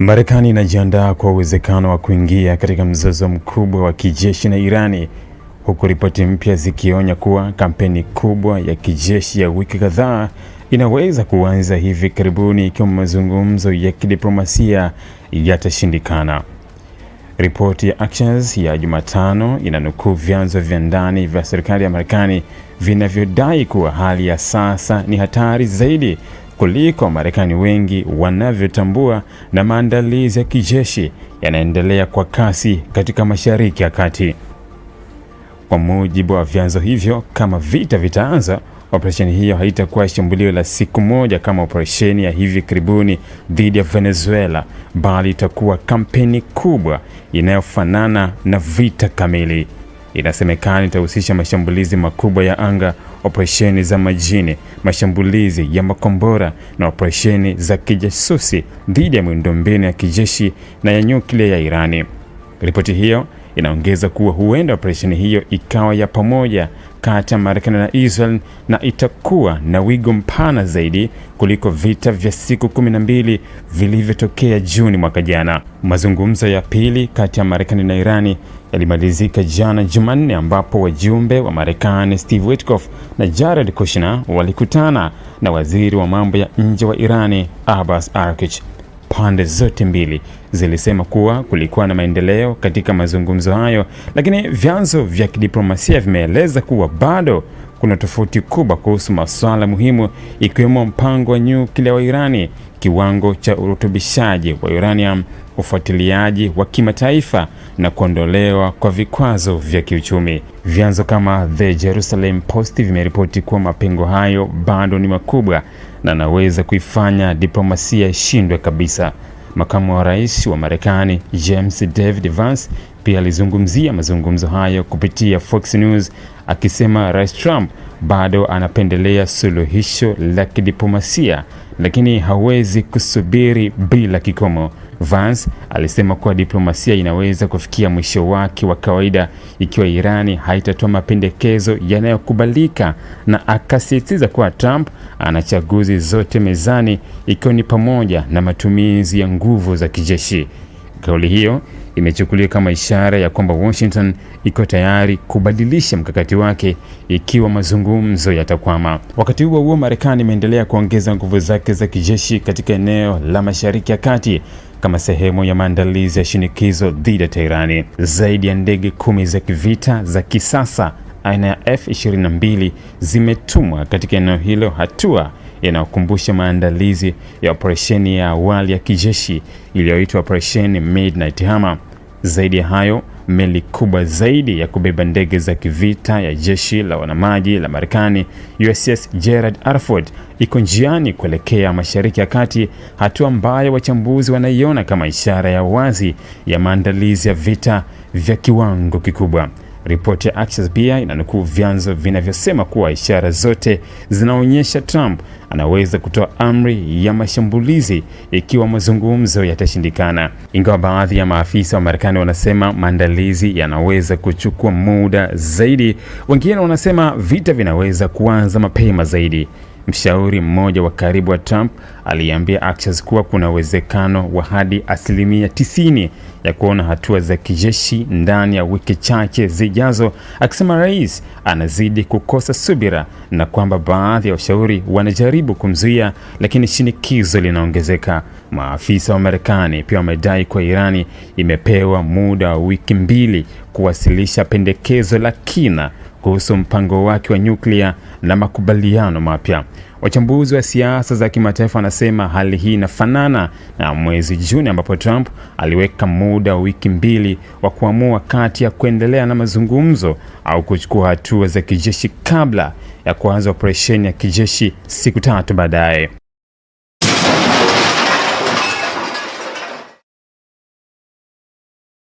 Marekani inajiandaa kwa uwezekano wa kuingia katika mzozo mkubwa wa kijeshi na Irani huku ripoti mpya zikionya kuwa kampeni kubwa ya kijeshi ya wiki kadhaa inaweza kuanza hivi karibuni ikiwa mazungumzo ya kidiplomasia yatashindikana. Ripoti ya Axios ya Jumatano inanukuu vyanzo vya ndani vya serikali ya Marekani vinavyodai kuwa hali ya sasa ni hatari zaidi kuliko Wamarekani wengi wanavyotambua, na maandalizi ya kijeshi yanaendelea kwa kasi katika Mashariki ya Kati. Kwa mujibu wa vyanzo hivyo, kama vita vitaanza, operesheni hiyo haitakuwa shambulio la siku moja kama operesheni ya hivi karibuni dhidi ya Venezuela, bali itakuwa kampeni kubwa inayofanana na vita kamili inasemekana itahusisha mashambulizi makubwa ya anga, operesheni za majini, mashambulizi ya makombora na operesheni za kijasusi dhidi ya miundombinu ya kijeshi na ya nyuklia ya Irani. Ripoti hiyo Inaongeza kuwa huenda operesheni hiyo ikawa ya pamoja kati ya Marekani na Israel na itakuwa na wigo mpana zaidi kuliko vita vya siku kumi na mbili vilivyotokea Juni mwaka jana. Mazungumzo ya pili kati ya Marekani na Irani yalimalizika jana Jumanne, ambapo wajumbe wa Marekani Steve Witkoff na Jared Kushner walikutana na waziri wa mambo ya nje wa Irani Abbas arkich pande zote mbili zilisema kuwa kulikuwa na maendeleo katika mazungumzo hayo, lakini vyanzo vya kidiplomasia vimeeleza kuwa bado kuna tofauti kubwa kuhusu masuala muhimu ikiwemo mpango wa nyuklia wa Irani, kiwango cha urutubishaji wa uranium, ufuatiliaji wa kimataifa na kuondolewa kwa vikwazo vya kiuchumi. Vyanzo kama The Jerusalem Post vimeripoti kuwa mapengo hayo bado ni makubwa na naweza kuifanya diplomasia ishindwe kabisa. Makamu wa Rais wa Marekani James David Vance pia alizungumzia mazungumzo hayo kupitia Fox News akisema Rais Trump bado anapendelea suluhisho la kidiplomasia lakini hawezi kusubiri bila kikomo. Vance alisema kuwa diplomasia inaweza kufikia mwisho wake wa kawaida ikiwa Irani haitatoa mapendekezo yanayokubalika, na akasisitiza kuwa Trump ana chaguzi zote mezani, ikiwa ni pamoja na matumizi ya nguvu za kijeshi. Kauli hiyo imechukuliwa kama ishara ya kwamba Washington iko tayari kubadilisha mkakati wake ikiwa mazungumzo yatakwama. Wakati huo huo, Marekani imeendelea kuongeza nguvu zake za kijeshi katika eneo la Mashariki ya Kati kama sehemu ya maandalizi ya shinikizo dhidi ya Teherani. Zaidi ya ndege kumi za kivita za kisasa aina ya F-22 zimetumwa katika eneo hilo, hatua inayokumbusha maandalizi ya operesheni ya awali ya kijeshi iliyoitwa Operation Midnight Hammer. Zaidi ya hayo, meli kubwa zaidi ya kubeba ndege za kivita ya jeshi la wanamaji la Marekani USS Gerald R. Ford iko njiani kuelekea Mashariki ya Kati, hatua ambayo wachambuzi wanaiona kama ishara ya wazi ya maandalizi ya vita vya kiwango kikubwa. Ripoti ya Axios pia inanukuu vyanzo vinavyosema kuwa ishara zote zinaonyesha Trump anaweza kutoa amri ya mashambulizi ikiwa mazungumzo yatashindikana, ingawa baadhi ya maafisa wa Marekani wanasema maandalizi yanaweza kuchukua muda zaidi. Wengine wanasema vita vinaweza kuanza mapema zaidi. Mshauri mmoja wa karibu wa Trump aliambia Axios kuwa kuna uwezekano wa hadi asilimia tisini ya kuona hatua za kijeshi ndani ya wiki chache zijazo, akisema rais anazidi kukosa subira na kwamba baadhi ya washauri wanajaribu kumzuia, lakini shinikizo linaongezeka. Maafisa wa Marekani pia wamedai kuwa Irani imepewa muda wa wiki mbili kuwasilisha pendekezo la kina kuhusu mpango wake wa nyuklia na makubaliano mapya. Wachambuzi wa siasa za kimataifa wanasema hali hii inafanana na mwezi Juni ambapo Trump aliweka muda wa wiki mbili wa kuamua kati ya kuendelea na mazungumzo au kuchukua hatua za kijeshi kabla ya kuanza operesheni ya kijeshi siku tatu baadaye.